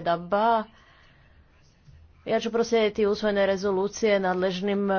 da ba ja ću proslijediti usvojene rezolucije nadležnim